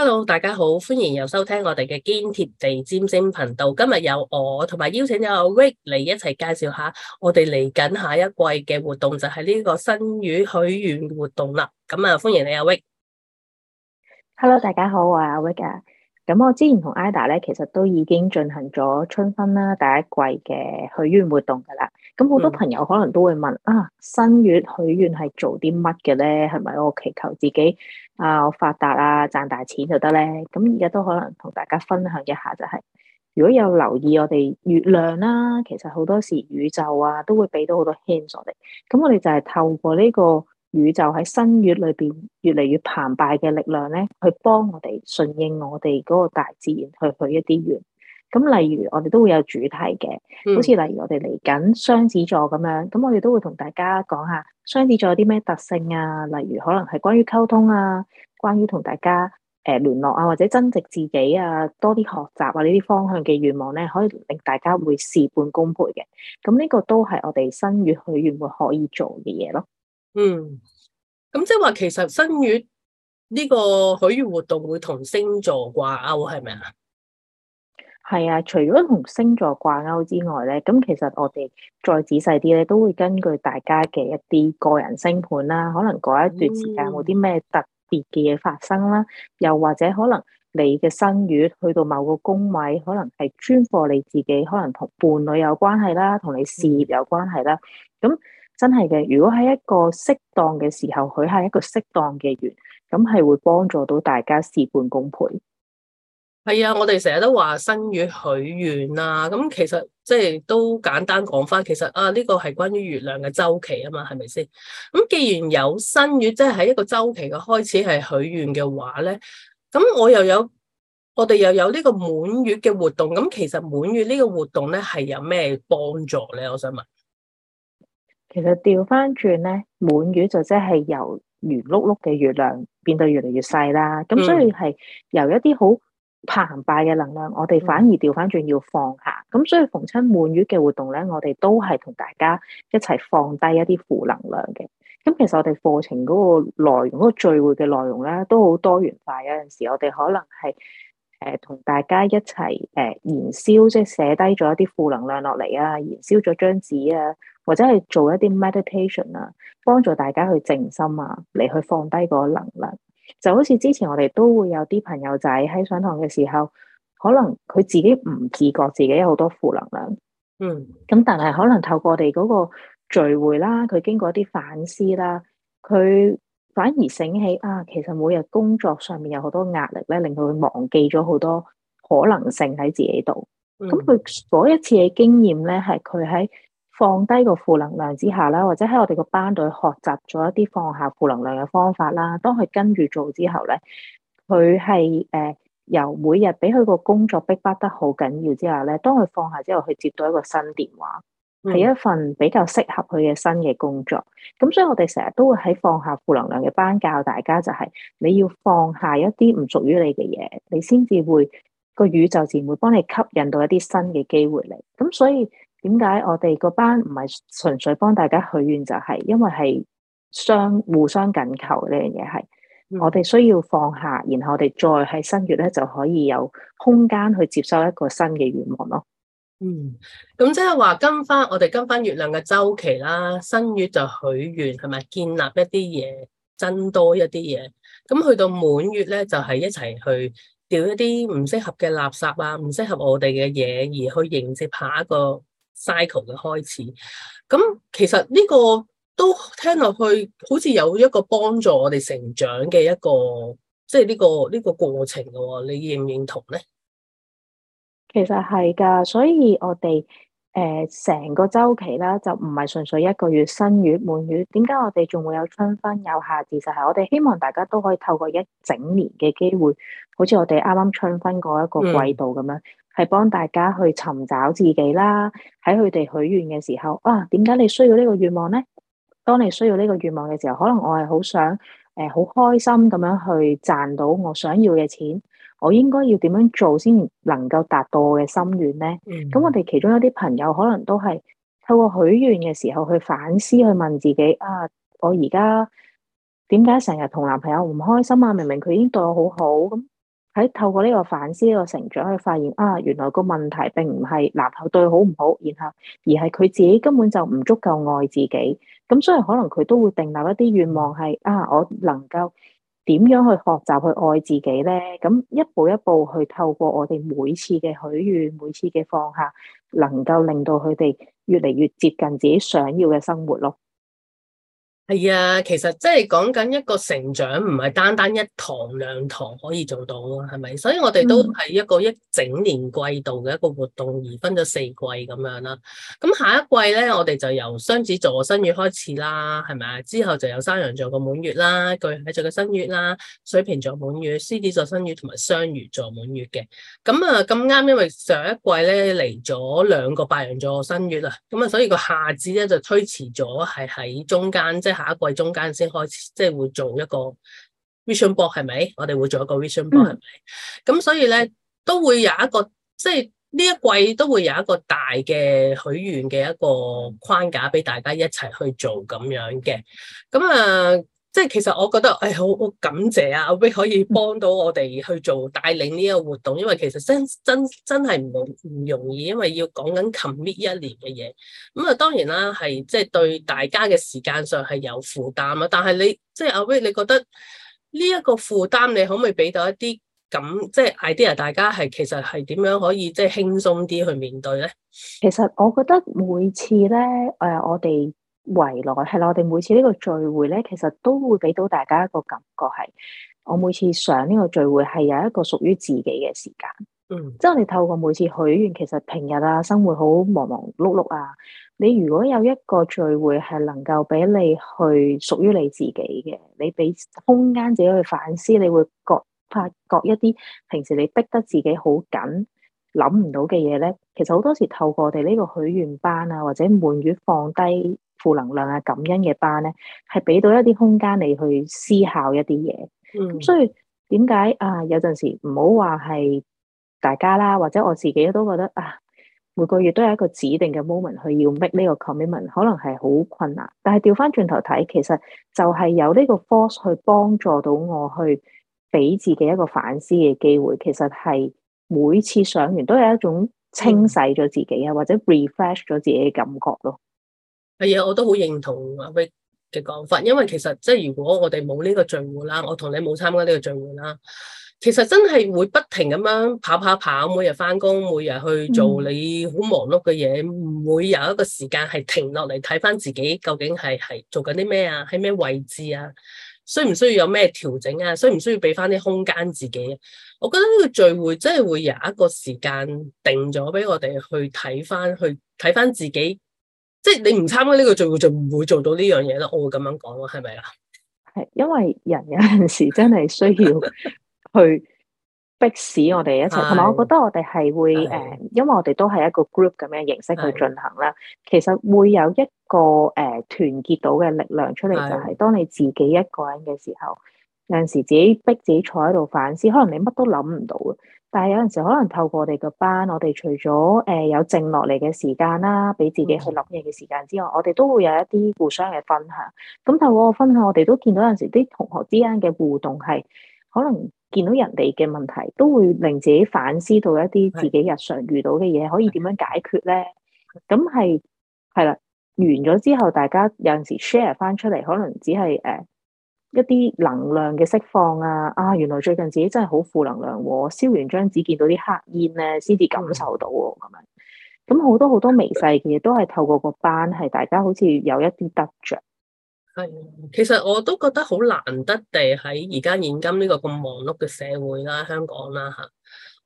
Hello，大家好，歡迎又收聽我哋嘅堅貼地占星頻道。今日有我同埋邀請阿 Vic 嚟一齊介紹下我哋嚟緊下一季嘅活動，就係、是、呢個新月許願活動啦。咁啊，歡迎你阿 Vic。Hello，大家好，我係阿 Vic 啊。咁我之前同 Ada 咧，其實都已經進行咗春分啦，第一季嘅許願活動噶啦。咁好多朋友可能都會問、嗯、啊，新月許願係做啲乜嘅咧？係咪我祈求自己啊，我發達啊，賺大錢就得咧？咁而家都可能同大家分享一下，就係，就係如果有留意我哋月亮啦，啊，其實好多時宇宙啊都會俾到好多牽索力。咁我哋就係透過呢個宇宙喺新月裏邊越嚟越澎湃嘅力量咧，去幫我哋順應我哋嗰個大自然去許一啲願。咁，例如我哋都會有主題嘅，嗯、好似例如我哋嚟緊雙子座咁樣，咁我哋都會同大家講下雙子座有啲咩特性啊，例如可能係關於溝通啊，關於同大家誒、呃、聯絡啊，或者增值自己啊，多啲學習啊呢啲、啊、方向嘅願望咧，可以令大家會事半功倍嘅。咁呢個都係我哋新月許願會可以做嘅嘢咯。嗯，咁即係話，其實新月呢個許願活動會同星座掛鈎係咪啊？係啊，除咗同星座掛鈎之外咧，咁其實我哋再仔細啲咧，都會根據大家嘅一啲個人星盤啦，可能嗰一段時間冇啲咩特別嘅嘢發生啦，又或者可能你嘅新月去到某個宮位，可能係專課你自己，可能同伴侶有關係啦，同你事業有關係啦。咁真係嘅，如果喺一個適當嘅時候，佢係一個適當嘅月，咁係會幫助到大家事半功倍。係啊，我哋成日都話新月許願啊。咁其實即係都簡單講翻，其實啊呢個係關於月亮嘅週期啊嘛，係咪先？咁既然有新月，即係喺一個週期嘅開始係許願嘅話咧，咁我又有我哋又有呢個滿月嘅活動，咁其實滿月呢個活動咧係有咩幫助咧？我想問。其實調翻轉咧，滿月就即係由圓碌碌嘅月亮變到越嚟越細啦，咁所以係由一啲好。嗯澎湃嘅能量，我哋反而掉返轉要放下，咁、嗯、所以逢親滿月嘅活動咧，我哋都係同大家一齊放低一啲負能量嘅。咁其實我哋課程嗰個內容、嗰、嗰個聚會嘅內容咧，都好多元化。有陣時我哋可能係誒同大家一齊誒、呃、燃燒，即係寫低咗一啲負能量落嚟啊，燃燒咗張紙啊，或者係做一啲 meditation 啊，幫助大家去靜心啊，嚟去放低嗰個能量。就好似之前我哋都會有啲朋友仔喺上堂嘅時候，可能佢自己唔自覺自己有好多負能量，嗯，咁但係可能透過我哋嗰個聚會啦，佢經過一啲反思啦，佢反而醒起啊，其實每日工作上面有好多壓力咧，令佢忘記咗好多可能性喺自己度，咁佢嗰一次嘅經驗咧，係佢喺放低個負能量之下啦，或者喺我哋個班度去學習咗一啲放下負能量嘅方法啦。當佢跟住做之後咧，佢係誒由每日俾佢個工作逼迫，迫得好緊要之下咧，當佢放下之後，佢接到一個新電話，係、嗯、一份比較適合佢嘅新嘅工作。咁所以我哋成日都會喺放下負能量嘅班教大家、就係，就係你要放下一啲唔屬於你嘅嘢，你先至會、這個宇宙自然會幫你吸引到一啲新嘅機會嚟。咁所以。點解我哋個班唔係純粹幫大家許願就係，因為係相互相緊扣呢樣嘢係我哋需要放下，然後我哋再喺新月咧就可以有空間去接收一個新嘅願望咯。嗯，咁即係話跟翻我哋跟翻月亮嘅周期啦，新月就許願，係咪建立一啲嘢，增多一啲嘢，咁去到滿月咧就係、是、一齊去掉一啲唔適合嘅垃圾啊，唔適合我哋嘅嘢，而去迎接下一個。cycle 嘅開始，咁其實呢個都聽落去好似有一個幫助我哋成長嘅一個，即係呢個呢個過程嘅喎，你認唔認同咧？其實係噶，所以我哋。誒，成個周期啦，就唔係純粹一個月，新月滿月。點解我哋仲會有春分有夏至？就係我哋希望大家都可以透過一整年嘅機會，好似我哋啱啱春分嗰一個季度咁樣，係幫、嗯、大家去尋找自己啦。喺佢哋許願嘅時候，啊，點解你需要個願呢個願望咧？當你需要呢個願望嘅時候，可能我係好想，誒、呃，好開心咁樣去賺到我想要嘅錢。我應該要點樣做先能夠達到我嘅心願呢？咁、嗯、我哋其中一啲朋友可能都係透過許願嘅時候去反思，去問自己：啊，我而家點解成日同男朋友唔開心啊？明明佢已經對我好好咁，喺透過呢個反思、呢個成長去發現啊，原來個問題並唔係男朋友對好唔好，然後而係佢自己根本就唔足夠愛自己。咁所以可能佢都會定立一啲願望係：啊，我能夠點樣去學習去愛自己呢？咁一步一步去透過我哋每次嘅許願，每次嘅放下，能夠令到佢哋越嚟越接近自己想要嘅生活咯。係啊，其實即係講緊一個成長，唔係單單一堂兩堂可以做到咯，係咪？所以我哋都係一個一整年季度嘅一個活動，而分咗四季咁樣啦。咁下一季咧，我哋就由雙子座新月開始啦，係咪啊？之後就有山羊座個滿月啦，巨蟹座嘅新月啦，水瓶座滿月，獅子座新月同埋雙魚座滿月嘅。咁啊，咁啱，因為上一季咧嚟咗兩個白羊座新月啊，咁啊，所以個夏至咧就推遲咗，係喺中間即係。下一季中間先開始，即係會做一個 vision board 係咪？我哋會做一個 vision board 係咪？咁、嗯、所以咧都會有一個，即係呢一季都會有一個大嘅許願嘅一個框架俾大家一齊去做咁樣嘅。咁啊～、呃即係其實我覺得誒，好、哎、好感謝啊，阿威可以幫到我哋去做帶領呢一個活動，因為其實真真真係唔容唔容易，因為要講緊 commit 一年嘅嘢。咁啊，當然啦，係即係對大家嘅時間上係有負擔啦。但係你即係、就是、阿威，你覺得呢一個負擔，你可唔可以俾到一啲咁即係、就是、idea？大家係其實係點樣可以即係、就是、輕鬆啲去面對咧？其實我覺得每次咧誒、呃，我哋。圍來係喇，我哋每次呢個聚會咧，其實都會俾到大家一個感覺係，我每次上呢個聚會係有一個屬於自己嘅時間。嗯，即係我哋透過每次許願，其實平日啊生活好忙忙碌碌，碌碌啊，你如果有一個聚會係能夠俾你去屬於你自己嘅，你俾空間自己去反思，你會覺發覺一啲平時你逼得自己好緊，諗唔到嘅嘢咧，其實好多時透過我哋呢個許願班啊，或者滿月放低。負能量啊，感恩嘅班呢，係俾到一啲空間你去思考一啲嘢。咁、嗯、所以點解啊？有陣時唔好話係大家啦，或者我自己都覺得啊，每個月都有一個指定嘅 moment 去要 make 呢個 commitment，可能係好困難。但係掉返轉頭睇，其實就係有呢個 force 去幫助到我去俾自己一個反思嘅機會。其實係每次上完都有一種清洗咗自己啊，嗯、或者 refresh 咗自己嘅感覺咯。係啊，我都好認同阿威嘅講法，因為其實即係如果我哋冇呢個聚會啦，我同你冇參加呢個聚會啦，其實真係會不停咁樣跑跑跑，每日翻工，每日去做你好忙碌嘅嘢，唔、嗯、會有一個時間係停落嚟睇翻自己究竟係係做緊啲咩啊，喺咩位置啊，需唔需要有咩調整啊，需唔需要俾翻啲空間自己，啊？我覺得呢個聚會真係會有一個時間定咗俾我哋去睇翻，去睇翻自己。即係你唔參加呢個聚會就唔會做到呢樣嘢啦，我會咁樣講咯，係咪啊？係因為人有陣時真係需要去逼使我哋一齊，同埋 我覺得我哋係會誒，的因為我哋都係一個 group 咁樣形式去進行啦。的其實會有一個誒團結到嘅力量出嚟，的就係當你自己一個人嘅時候，有陣時自己逼自己坐喺度反思，可能你乜都諗唔到嘅。但係有陣時可能透過我哋個班，我哋除咗誒、呃、有靜落嚟嘅時間啦，俾自己去諗嘢嘅時間之外，我哋都會有一啲互相嘅分享。咁透過個分享，我哋都見到有陣時啲同學之間嘅互動係，可能見到人哋嘅問題，都會令自己反思到一啲自己日常遇到嘅嘢，的可以點樣解決咧？咁係係啦，完咗之後，大家有陣時 share 翻出嚟，可能只係誒。呃一啲能量嘅釋放啊！啊，原來最近自己真係好負能量喎、啊。燒完張紙，見到啲黑煙咧，先至感受到喎、啊。咁樣、嗯，咁好多好多微細嘅嘢，都係透過個班，係大家好似有一啲得着。係，其實我都覺得好難得地喺而家現今呢個咁忙碌嘅社會啦、啊，香港啦、啊、吓，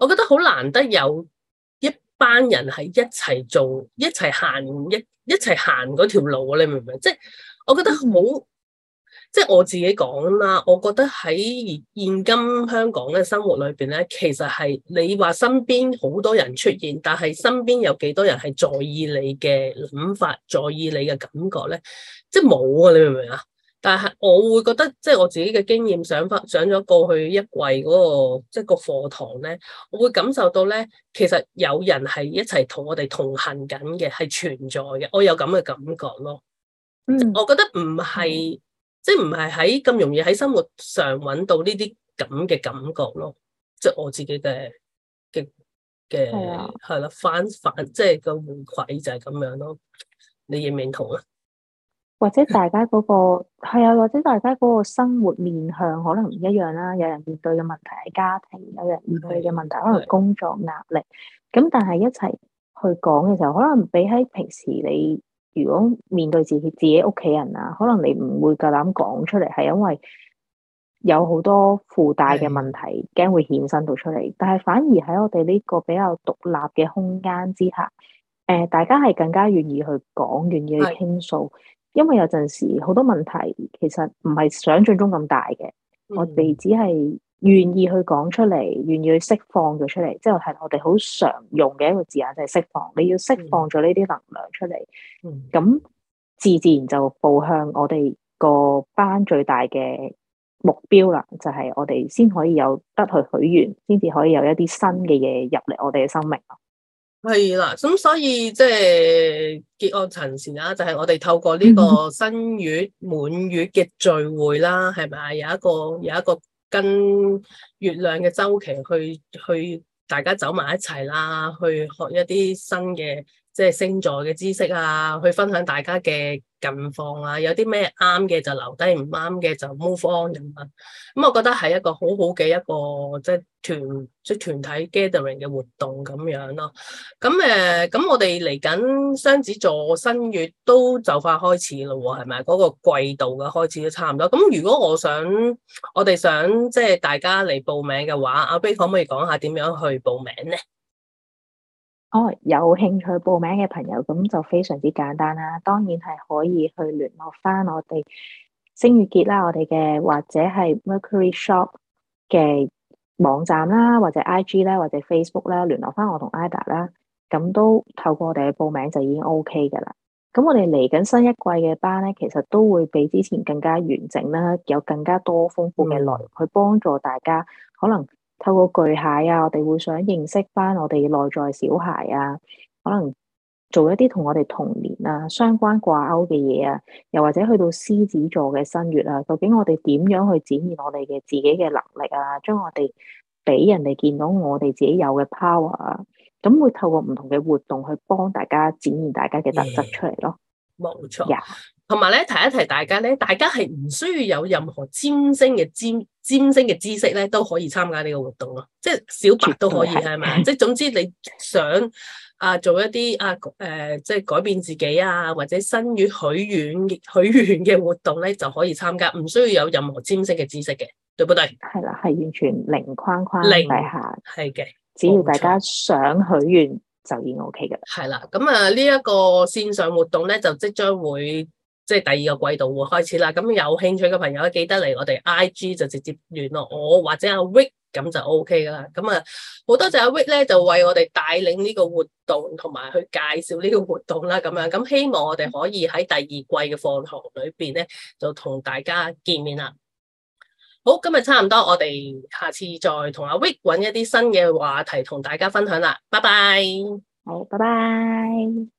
我覺得好難得有一班人係一齊做，一齊行，一一齊行嗰條路、啊。你明唔明？即、就、係、是、我覺得好。即係我自己講啦，我覺得喺現今香港嘅生活裏邊咧，其實係你話身邊好多人出現，但係身邊有幾多人係在意你嘅諗法，在意你嘅感覺咧？即係冇啊！你明唔明啊？但係我會覺得，即係我自己嘅經驗，想翻上咗過去一季嗰個即係個課堂咧，我會感受到咧，其實有人係一齊同我哋同行緊嘅，係存在嘅。我有咁嘅感覺咯。嗯，我覺得唔係。即係唔係喺咁容易喺生活上揾到呢啲咁嘅感覺咯？即係我自己嘅嘅嘅係啦，反反即係個回饋就係咁樣咯。你認唔認同啊？或者大家嗰個係啊，或者大家嗰個生活面向可能唔一樣啦。有人面對嘅問題係家庭，有人面對嘅問題可能係工作壓力。咁但係一齊去講嘅時候，可能比起平時你。如果面對自己自己屋企人啊，可能你唔會夠膽講出嚟，係因為有好多附帶嘅問題，驚的會衍生到出嚟。但係反而喺我哋呢個比較獨立嘅空間之下，誒、呃，大家係更加願意去講，願意去傾訴，的因為有陣時好多問題其實唔係想像中咁大嘅，的我哋只係。願意去講出嚟，願意去釋放咗出嚟，即係我哋好常用嘅一個字眼，就係、是、釋放。你要釋放咗呢啲能量出嚟，咁自、嗯、自然就步向我哋個班最大嘅目標啦。就係、是、我哋先可以有得去許願，先至可以有一啲新嘅嘢入嚟我哋嘅生命咯。係啦，咁所以即係結案陳詞啦，就係、是、我哋透過呢個新月、 滿月嘅聚會啦，係咪啊？有一個，有一個。跟月亮嘅周期去去，大家走埋一齊啦，去學一啲新嘅。即係星座嘅知識啊，去分享大家嘅近況啊，有啲咩啱嘅就留低，唔啱嘅就 move on 咁啊。咁、嗯、我覺得係一個好好嘅一個即係團即係團體 gathering 嘅活動咁樣咯、啊。咁、嗯、誒，咁、嗯嗯、我哋嚟緊雙子座新月都就快開始咯喎，係咪？嗰、那個季度嘅開始都差唔多。咁、嗯、如果我想我哋想即係大家嚟報名嘅話，阿 Vic 可唔可以講下點樣去報名咧？哦，oh, 有興趣報名嘅朋友，咁就非常之簡單啦。當然係可以去聯絡翻我哋星月結啦，我哋嘅或者係 Mercury Shop 嘅網站啦，或者 IG 啦，或者 Facebook 啦，聯絡翻我同 Ada 啦，咁都透過我哋嘅報名就已經 OK 㗎啦。咁我哋嚟緊新一季嘅班咧，其實都會比之前更加完整啦，有更加多豐富嘅內容去幫助大家，可能。透過巨蟹啊，我哋會想認識翻我哋內在小孩啊，可能做一啲同我哋童年啊相關掛鈎嘅嘢啊，又或者去到獅子座嘅新月啊，究竟我哋點樣去展現我哋嘅自己嘅能力啊？將我哋俾人哋見到我哋自己有嘅 power 啊，咁會透過唔同嘅活動去幫大家展現大家嘅特質出嚟咯，冇錯。同埋咧，提一提大家咧，大家係唔需要有任何占星嘅占占星嘅知識咧，都可以參加呢個活動咯。即係小白都可以係咪？即係絕對，係咪？總之你想啊做一啲啊誒、呃，即係改變自己啊，或者新月許願許願嘅活動咧，就可以參加，唔需要有任何占星嘅知識嘅，對不對？係啦，係完全零框框下零下係嘅，只要大家想許願冇錯，就已經 OK 噶啦。係啦，咁啊呢一個線上活動咧，就即將會。即係第二個季度會開始啦，咁有興趣嘅朋友記得嚟我哋 I G 就直接聯絡我，我或者阿 Vic 咁就 O K 噶啦。咁啊，好多謝阿 Vic 咧，就為我哋帶領呢個活動，同埋去介紹呢個活動啦。咁樣咁希望我哋可以喺第二季嘅放行裏邊咧，就同大家見面啦。好，今日差唔多，我哋下次再同阿 Vic 搵一啲新嘅話題同大家分享啦。拜拜，好，拜拜。